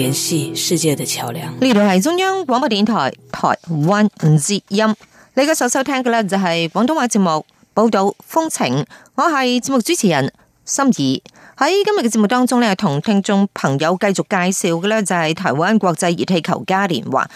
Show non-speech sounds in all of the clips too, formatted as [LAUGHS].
聯繫世界的橋樑。呢度係中央廣播電台台灣之音，你嘅所收聽嘅呢就係廣東話節目《報道風情》，我係節目主持人心怡。喺今日嘅節目當中呢，同聽眾朋友繼續介紹嘅呢就係台灣國際熱氣球嘉年華。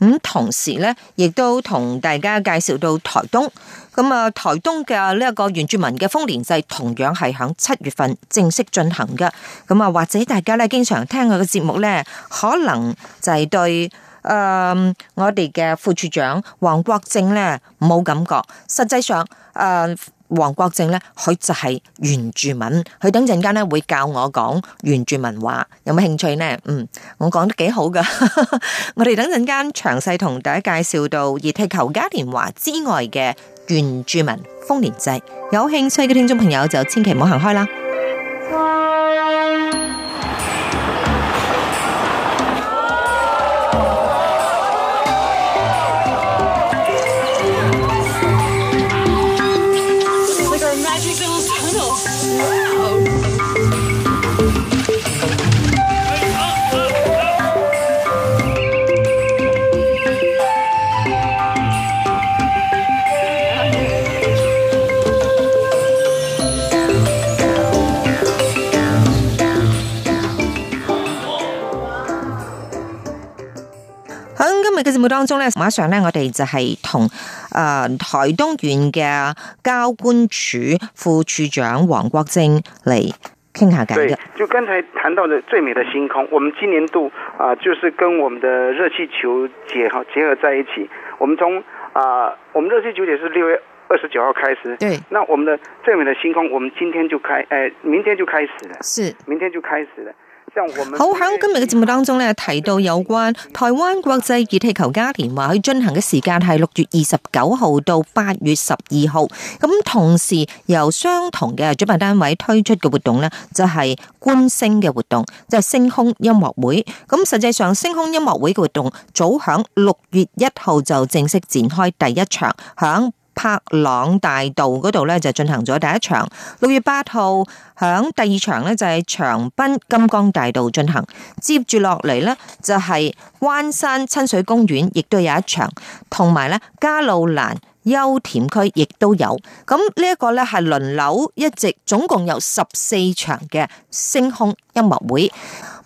咁同時咧，亦都同大家介紹到台東。咁啊，台東嘅呢一個原住民嘅豐年祭，同樣係喺七月份正式進行嘅。咁啊，或者大家咧經常聽佢嘅節目咧，可能就係對誒、呃、我哋嘅副處長黃國正咧冇感覺。實際上誒。呃王國正呢，佢就是原住民，佢等陣間會教我講原住民話，有冇興趣呢？嗯，我講得幾好㗎 [LAUGHS] 我哋等陣間詳細同大家介紹到《熱氣球嘉年華》之外嘅原住民《豐年祭》，有興趣嘅聽眾朋友就千祈唔好行開啦。會當中呢，馬上呢，我哋就係同、呃、台東縣嘅交官處副處長黃國正嚟傾下偈嘅。對，就剛才談到的最美的星空，我們今年度啊，呃，就是跟我們的熱氣球結合結合在一起。我們從啊，呃，我們熱氣球節是六月二十九號開始，對。那我們的最美的星空，我們今天就開誒，呃，明天就開始了，是，明天就開始了。好，響今日嘅節目當中咧，提到有關台灣國際熱氣球嘉年華去進行嘅時間係六月二十九號到八月十二號。咁同時由相同嘅主辦單位推出嘅活動咧，就係觀星嘅活動，即係星空音樂會。咁實際上星空音樂會嘅活動早響六月一號就正式展開第一場響克朗大道嗰度咧就進行咗第一場，六月八號響第二場咧就係長濱金剛大道進行，接住落嚟呢，就係關山親水公園亦都有一場，同埋咧加路蘭休田區亦都有，咁呢一個咧係輪流一直，總共有十四場嘅星空音樂會。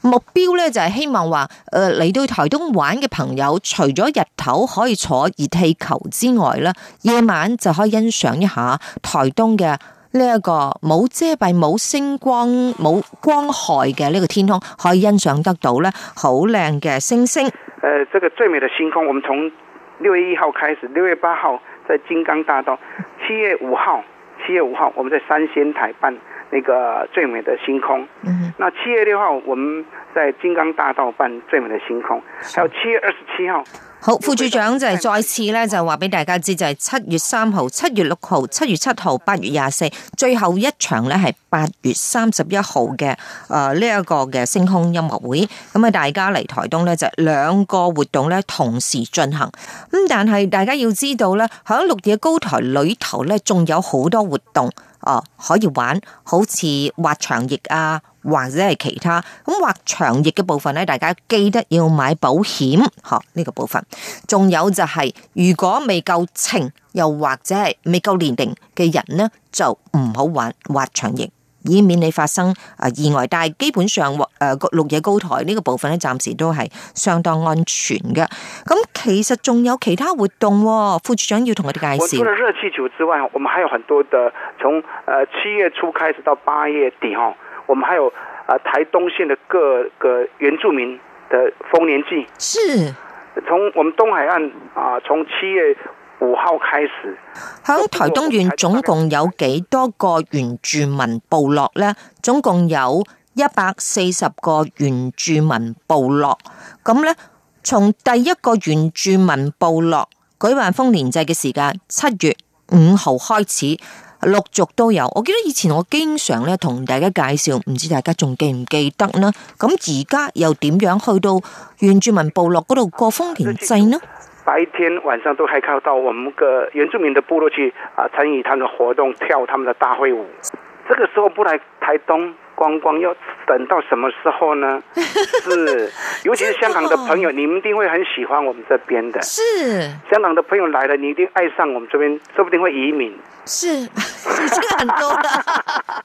目標咧就係、是、希望話，誒、呃、嚟到台東玩嘅朋友，除咗日頭可以坐熱氣球之外咧，夜晚就可以欣賞一下台東嘅呢一個冇遮蔽、冇星光、冇光害嘅呢個天空，可以欣賞得到咧好靚嘅星星。誒、呃，這個最美的星空，我們從六月一號開始，六月八號在金剛大道，七月五號，七月五號我們在三仙台辦。呢、那個最美的星空，那七月六號我們在金剛大道辦最美的星空，嗯、還有七月二十七號。好，副處長就係再次咧就話俾大家知就，就係七月三號、七月六號、七月七號、八月廿四，最後一場咧係八月三十一號嘅誒呢一個嘅星空音樂會。咁啊，大家嚟台東咧就兩個活動咧同時進行。咁但係大家要知道咧，響鹿野高台裏頭咧，仲有好多活動。哦，可以玩，好似滑翔翼啊，或者係其他。咁滑翔翼嘅部分咧，大家記得要買保險，吓呢、這個部分。仲有就係、是、如果未夠秤，又或者係未夠年齡嘅人咧，就唔好玩滑翔翼。以免你發生啊意外，但係基本上誒綠野高台呢個部分咧，暫時都係相當安全嘅。咁其實仲有其他活動，哦，副處長要同我哋介紹。我除了熱氣球之外，我們還有很多的，從誒七月初開始到八月底，哦，我們還有啊台東縣的各個原住民的豐年祭是，從我們東海岸啊，從七月。五號開始，喺台東縣總共有幾多個原住民部落呢？總共有一百四十個原住民部落。咁呢，從第一個原住民部落舉辦豐年祭嘅時間，七月五號開始，陸續都有。我記得以前我經常咧同大家介紹，唔知大家仲記唔記得呢？咁而家又點樣去到原住民部落嗰度過豐年祭呢？白天、晚上都還看到我們個原住民的部落去啊，參與他們的活動，跳他們的大會舞。這個時候不來台東。光光要等到什麼時候呢？ [LAUGHS] 是，尤其是香港的朋友， [LAUGHS] 你們一定會很喜歡我們這邊的。 [LAUGHS] 是，香港的朋友來了，你一定愛上我們這邊，說不定會移民。是，是很多的。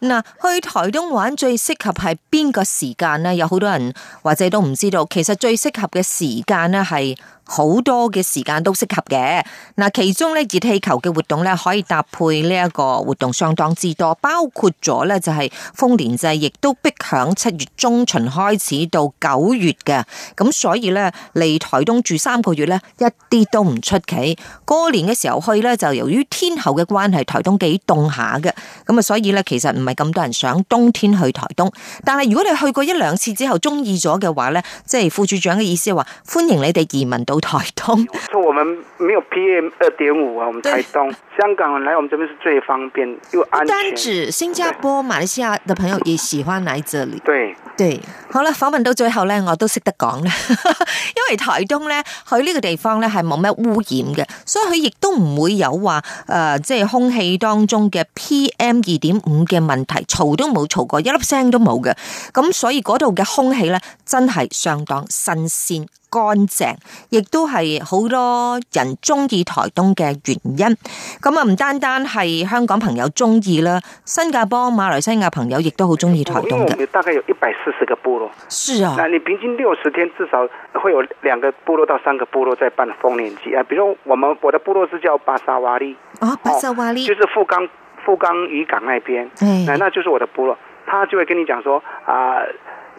嗱，去台東玩最適合係邊個時間呢？有好多人或者都唔知道，其實最適合嘅時間呢係好多嘅時間都適合嘅。嗱，其中咧熱氣球嘅活動咧可以搭配呢一個活動相當之多，包括咗咧就係豐年祭。亦都逼響七月中旬開始到九月嘅，咁所以咧嚟台東住三個月咧一啲都唔出奇。過、那個、年嘅時候去咧就由於天候嘅關係，台東幾凍下嘅，咁啊所以咧其實唔係咁多人想冬天去台東。但係如果你去過一兩次之後中意咗嘅話咧，即、就、係、是、副處長嘅意思話歡迎你哋移民到台東。冇錯，我們沒有 PM 二點五啊，我們台東 [LAUGHS] 香港人來我們這邊是最方便又安全。單止新加坡、馬來西亞嘅朋友，意思。喜歡喺這裏，對對，好啦，訪問到最後咧，我都識得講啦， [LAUGHS] 因為台東咧，佢呢個地方咧係冇咩污染嘅，所以佢亦都唔會有話誒，即、呃、係、就是、空氣當中嘅 PM 二點五嘅問題，嘈都冇嘈過，一粒聲都冇嘅，咁所以嗰度嘅空氣咧真係相當新鮮。乾淨，亦都係好多人中意台東嘅原因。咁啊，唔單單係香港朋友中意啦，新加坡、馬來西亞朋友亦都好中意台東嘅。大概有一百四十個部落，是啊。嗱，你平均六十天至少會有兩個部落到三個部落在辦豐年祭啊。比如我們我的部落是叫巴沙瓦利，哦，巴沙瓦利，哦，就是富岡富岡漁港那邊，誒，那就是我的部落，他就會跟你講說啊，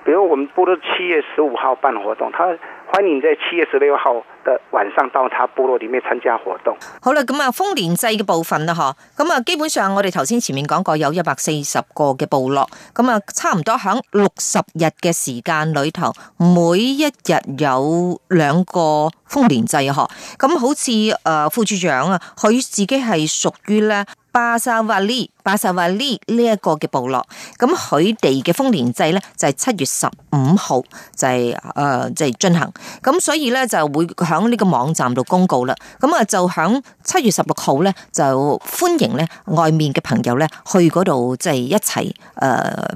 比如我們部落七月十五號辦活動，他。歡迎在七月十六號的晚上到他部落裏面參加活動。好啦，咁啊，豐年祭嘅部分啦，嗬，咁啊，基本上我哋頭先前面講過，有一百四十個嘅部落，咁啊，差唔多響六十日嘅時間裏頭，每一日有兩個豐年祭。嗬，咁好似誒，副處長啊，佢自己係屬於咧。巴沙瓦利，巴沙瓦利呢一個嘅部落，咁佢哋嘅豐年祭咧，就係、是、七月十五號就係誒就係進行，咁所以咧就會響呢個網站度公告啦，咁啊就響七月十六號咧就歡迎咧外面嘅朋友咧去嗰度即係一齊誒、呃、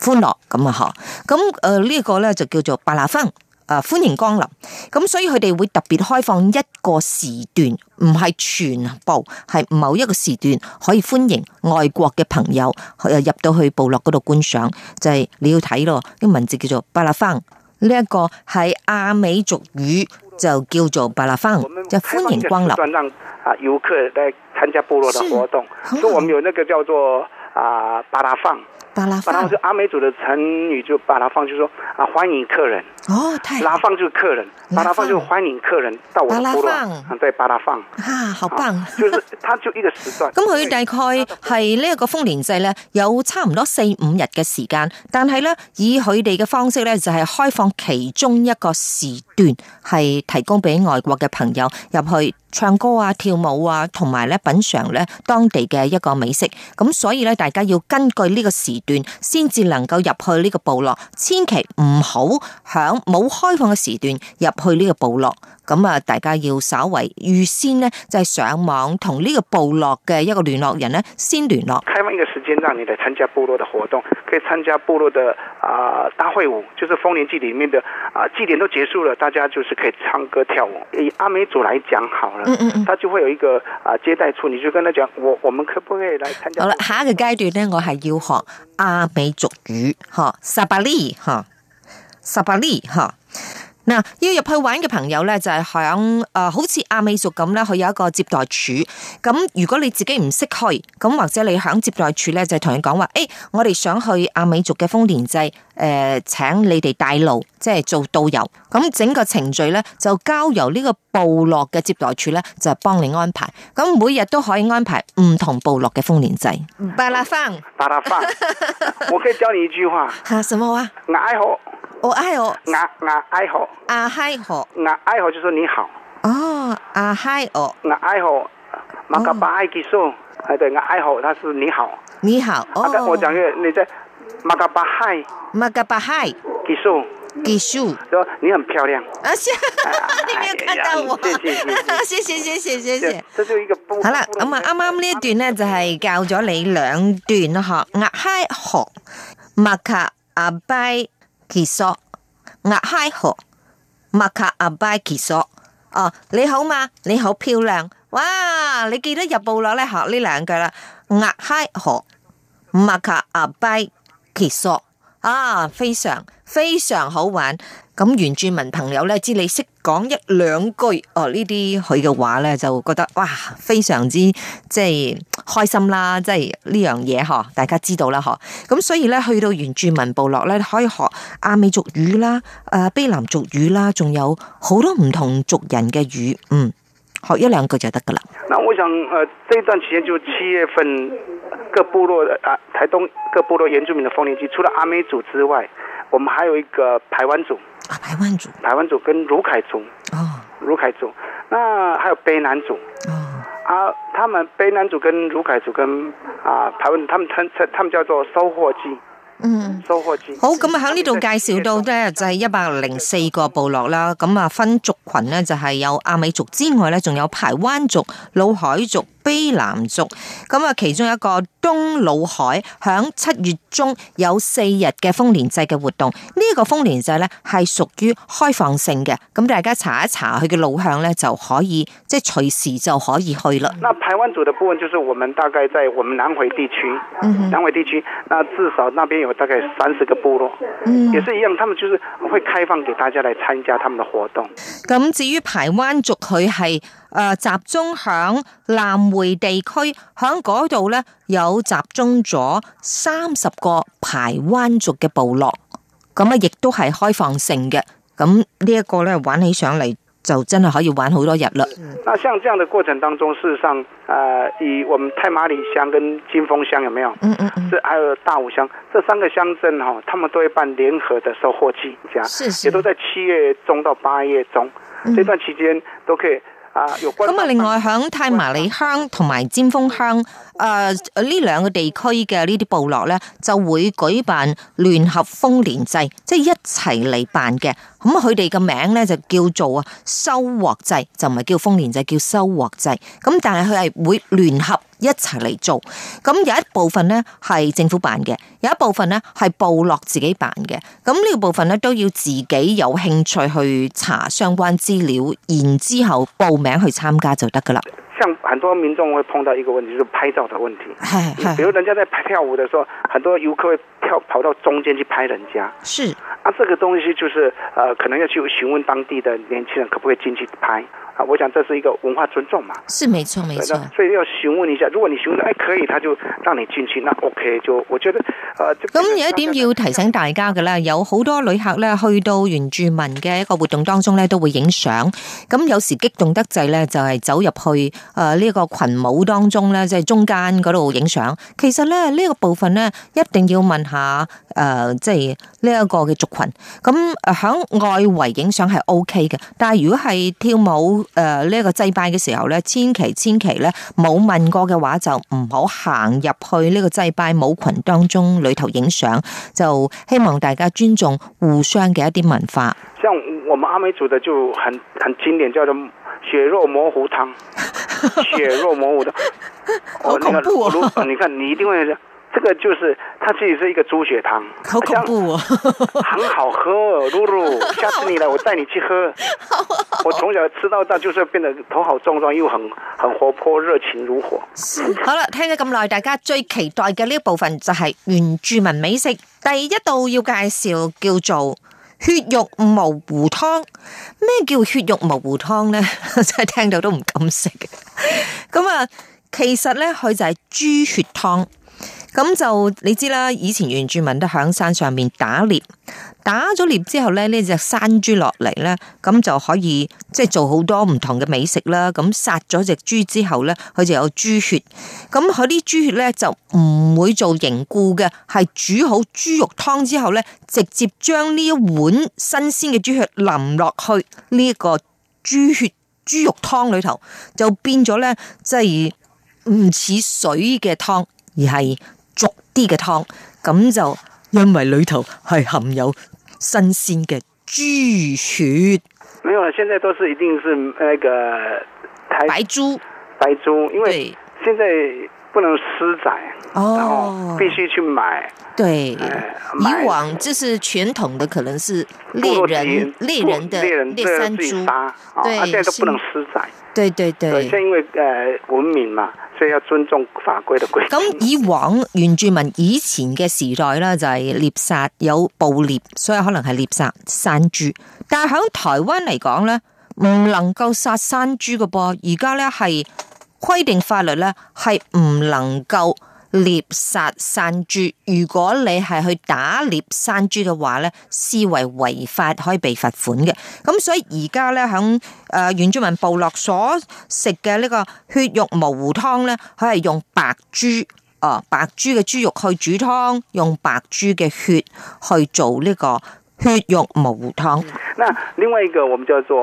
歡樂咁啊嗬，咁誒呢個咧就叫做白拿分。啊！歡迎光臨，咁所以佢哋會特別開放一個時段，唔係全部，係某一個時段可以歡迎外國嘅朋友入到去部落嗰度觀賞。就係、是、你要睇咯，啲、這個、文字叫做巴拉芳，呢一個係阿美族語就叫做巴拉芳，就是、歡迎光臨。啊遊客嚟參加部落嘅活動，所以我們有那個叫做啊巴拉芳，巴拉芳就阿美族嘅成語就巴拉芳，巴拉芳，巴拉芳就說啊歡迎客人。哦，拉放就係客人，拉放就歡迎客人到我部落，巴拉放，啊，好棒！就係，佢就一個時段。咁佢大概係呢一個豐年祭呢，有差唔多四五日嘅時間，但係呢以佢哋嘅方式呢，就係開放其中一個時段係提供俾外國嘅朋友入去唱歌啊、跳舞啊，同埋呢品嚐呢當地嘅一個美食。咁所以呢，大家要根據呢個時段先至能夠入去呢個部落，千祈唔好響。冇開放嘅時段入去呢個部落，咁啊，大家要稍為預先呢就係上網同呢個部落嘅一個聯絡人呢先聯絡。開放一個時間讓你來參加部落的活動，可以參加部落的啊大會舞，就是豐年祭裏面的啊祭典都結束了，大家就是可以唱歌跳舞。以阿美族來講，好了，嗯，嗯，嗯，他就會有一個啊接待處，你就跟他講，我我們可不可以來參加？好啦，下一個階段呢我係要學阿美族語，哈，薩巴利，哈。十八呢吓，嗱，要入去玩嘅朋友咧，就係響誒，好似阿美族咁咧，佢有一個接待處。咁如果你自己唔識去，咁或者你響接待處咧，就同佢講話，誒、欸，我哋想去阿美族嘅豐年祭，誒、呃，請你哋帶路，即係做導遊。咁整個程序咧，就交由呢個部落嘅接待處咧，就幫你安排。咁每日都可以安排唔同部落嘅豐年祭。把它放，把它放，我可以教你一句話。吓，什麼話、啊、好。我、哦、哎我，啊牙愛好，牙愛好，牙愛好就說你好。哦，啊嗨哦，啊哎好，麥克巴愛結束，係對牙愛好，他是你好。你、啊、好，我講嘅你即係麥克把嗨，麥克把嗨結束，結、嗯、束、嗯啊，你很漂亮。啊，啊你沒有看到我、哎，謝謝，謝謝，謝謝，謝謝，謝謝。好啦，咁啊啱啱呢一段呢，就係、是、教咗你兩段咯，學牙嗨學麥克阿拜。啊啊啊啊啊結束，阿嗨河，麥卡阿拜結束。哦，你好嘛，你好漂亮。哇，你記得入部落咧學呢兩句啦。阿嗨河，麥卡阿拜結束。啊，非常非常好玩！咁原住民朋友咧，知你識講一兩句哦呢啲佢嘅話咧，就覺得哇非常之即係開心啦，即係呢樣嘢嗬，大家知道啦嗬。咁所以咧，去到原住民部落咧，可以學阿美族語啦，誒、呃、卑南族語啦，仲有好多唔同族人嘅語，嗯。好，一兩個就得噶啦。那我想，呃，這段期間就七月份各部落啊，呃，台東各部落原住民的豐年祭，除了阿美族之外，我們還有一個排灣族。啊，排灣族，排灣族跟魯凱族。哦，魯凱族，那還有卑南族。哦，啊，他們卑南族跟魯凱族跟啊，台，呃，灣，他們稱他，他們叫做收穫祭。嗯，好咁啊！喺呢度介紹到呢就係一百零四個部落啦。咁啊，分族群呢，就係有阿美族之外呢，仲有排灣族、老海族魯凱族。卑南族咁啊，其中一個東老海響七月中有四日嘅豐年祭嘅活動，呢個豐年祭呢係屬於開放性嘅，咁大家查一查佢嘅路向呢，就可以，即係隨時就可以去啦。那排灣族的部分就是我們大概在我們南回地區，mm -hmm. 南回地區，那至少那邊有大概三十個部落，mm -hmm. 也是一樣，他們就是會開放給大家嚟參加他們的活動。咁至於排灣族佢係。集中響南迴地區，響嗰度呢，有集中咗三十個排灣族嘅部落，咁啊，亦都係開放性嘅。咁呢一個呢，玩起上嚟就真係可以玩好多日啦。那像這樣的過程當中，事實上，呃、以我們太麻里鄉跟金峰鄉有沒有？嗯嗯，嗯，是還有大武鄉，這三個鄉鎮哈，他們都會辦聯合的收穫祭，家，也都在七月中到八月中這段期間都可以。咁啊！另外喺太麻里鄉同埋尖峰鄉，誒呢兩個地區嘅呢啲部落咧，就會舉辦聯合豐年祭，即係一齊嚟辦嘅。咁佢哋嘅名咧就叫做啊收穫祭，就唔係叫豐年祭，叫收穫祭。咁但係佢係會聯合。一齊嚟做，咁有一部分咧係政府辦嘅，有一部分咧係部落自己辦嘅。咁呢個部分咧都要自己有興趣去查相關資料，然之後報名去參加就得㗎喇。像很多民眾會碰到一個問題，就是拍照的問題。比如人家在拍跳舞的時候，很多遊客會跳跑到中間去拍人家。是。啊，這個東西就是，呃，可能要去詢問當地的年輕人可不可以進去拍。啊，我想這是一個文化尊重嘛，是沒錯，沒錯，所以要詢問一下，如果你詢問，哎可以，他就讓你進去，那 OK，就我覺得，呃，咁、嗯嗯、有一點要提醒大家嘅咧，有好多旅客咧去到原住民嘅一個活動當中咧都會影相，咁有時激動得滯咧就係走入去誒呢個群舞當中咧即係中間嗰度影相，其實咧呢、這個部分咧一定要問下誒即係呢一個嘅族群，咁誒響外圍影相係 OK 嘅，但係如果係跳舞。誒、呃，呢、這個祭拜嘅時候咧，千祈千祈咧，冇問過嘅話就唔好行入去呢個祭拜舞群當中裏頭影相，就希望大家尊重互相嘅一啲文化。像我們阿美族的就很很經典，叫做血肉模糊湯，血肉模糊湯，好、 [LAUGHS] 哦那個、 [LAUGHS] 恐怖啊、哦！你看，你一定會。這個就是，它其實是一個豬血湯，恐怖哦 [LAUGHS] 很好喝，啊。露露，下次你來，我帶你去喝。 [LAUGHS] 我從小吃到大，就是變得頭好壯壯，又很很活潑，熱情如火。好啦，聽咗咁耐，大家最期待嘅呢一部分就係原住民美食。第一道要介紹叫做血肉模糊湯。咩叫血肉模糊湯呢？真 [LAUGHS] 係聽到都唔敢食。咁 [LAUGHS] 啊、嗯，其實呢，佢就係豬血湯。咁就你知啦，以前原住民都喺山上面打獵，打咗獵之後咧，隻豬呢隻山豬落嚟咧，咁就可以即係、就是、做好多唔同嘅美食啦。咁殺咗隻豬之後咧，佢就有豬血，咁佢啲豬血咧就唔會做凝固嘅，係煮好豬肉湯之後咧，直接將呢一碗新鮮嘅豬血淋落去呢一個豬血豬肉湯裏頭，就變咗咧即係唔似水嘅湯，而係。啲嘅湯，咁就因為裏頭係含有新鮮嘅豬血，沒有啊！現在都是一定是那個台白豬，白豬，因為現在。不能私宰，哦，必須去買。哦、對買，以往這是傳統的，可能是獵人多多獵人的多多獵人獵山豬，對，而、啊、家都不能私宰。對對對，因為誒文明嘛，所以要尊重法規的規定。咁以往原住民以前嘅時代咧，就係、是、獵殺有捕獵，所以可能係獵殺山豬。但係喺台灣嚟講咧，唔能夠殺山豬噶噃，而家咧係。規定法律咧係唔能夠獵殺山豬，如果你係去打獵山豬嘅話咧，視為違法，可以被罰款嘅。咁所以而家咧響誒原住民部落所食嘅呢個血肉模糊湯咧，佢係用白豬哦白豬，嘅豬肉去煮湯，用白豬嘅血去做呢個血肉模糊湯。那另外一個，我們叫做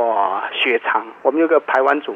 血腸，我們有個排灣族。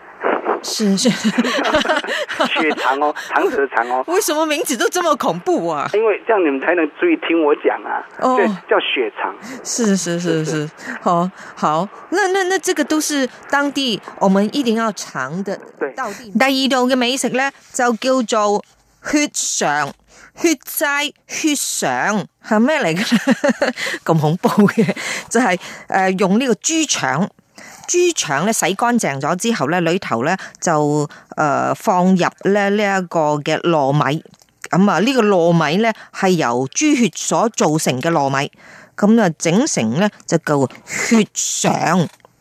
是是，是 [LAUGHS] 血腸哦，腸子腸哦。為什麼名字都這麼恐怖啊？因為這樣你們才能注意聽我講啊。哦，對叫血腸。是是是是，是，是，是，好，好。那那那這個都是當地我們一定要嘗的到。對。第二道嘅美食咧，就叫做血腸、血齋、血腸，係咩嚟嘅？咁 [LAUGHS] 恐怖嘅，就係、是、誒、呃，用呢個豬腸。豬腸咧洗乾淨咗之後咧，裏頭咧就誒、呃、放入咧呢一個嘅糯米，咁啊呢個糯米咧係由豬血所做成嘅糯米，咁啊整成咧就叫血腸，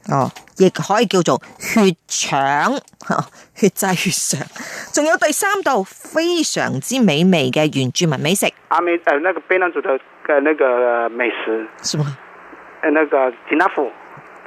哦，亦可以叫做血腸，哦，血製血腸。仲有第三道非常之美味嘅原住民美食，阿、啊、美誒呢、呃那個卑南族嘅呢個美食，係咪？誒，那個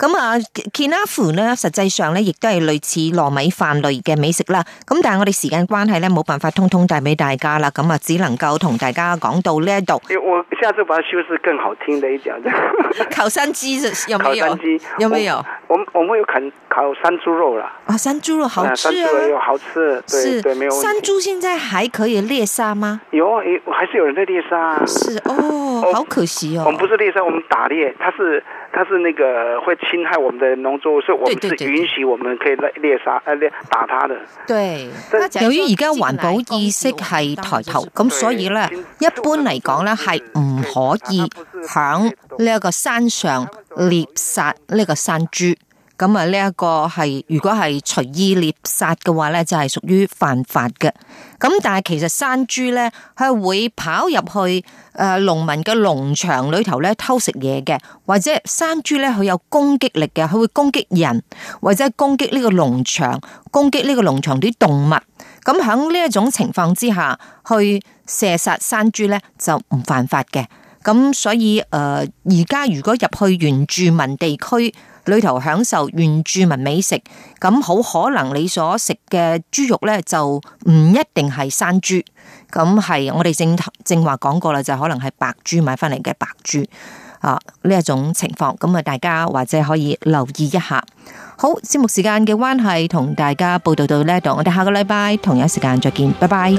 咁啊，Kinafu 呢，實際上呢，亦都係類似糯米飯類嘅美食啦。咁但係我哋時間關係呢，冇辦法通通帶俾大家啦。咁啊，只能夠同大家講到呢一度。我下次把它修飾更好聽的一點。烤山雞有冇有？有冇有？我我們有啃烤山豬肉啦。啊，山豬肉好吃啊！嗯、山豬肉又好吃，是。對，沒有問題。山豬現在還可以獵殺嗎？有，還是有人在獵殺。是哦，好可惜哦。我、我們不是獵殺，我們打獵，它是它是那個會。侵害我們的農作物，是我們是允許我們可以獵殺誒獵打它的。對，由於而家環保意識係抬頭，咁所以呢，一般嚟講呢，係唔可以響呢一個山上獵殺呢個山豬。咁啊，呢一個係如果係隨意獵殺嘅話咧，就係屬於犯法嘅。咁但係其實山豬咧，佢會跑入去誒農民嘅農場裏頭咧偷食嘢嘅，或者山豬咧佢有攻擊力嘅，佢會攻擊人，或者攻擊呢個農場，攻擊呢個農場啲動物。咁喺呢一種情況之下去射殺山豬咧，就唔犯法嘅。咁所以誒而家如果入去原住民地區。裏頭享受原住民美食，咁好可能你所食嘅豬肉呢，就唔一定係山豬，咁係我哋正正話講過啦，就可能係白豬買翻嚟嘅白豬啊，呢一種情況，咁啊大家或者可以留意一下。好，節目時間嘅關係同大家報道到呢度，我哋下個禮拜同一時間再見，拜拜。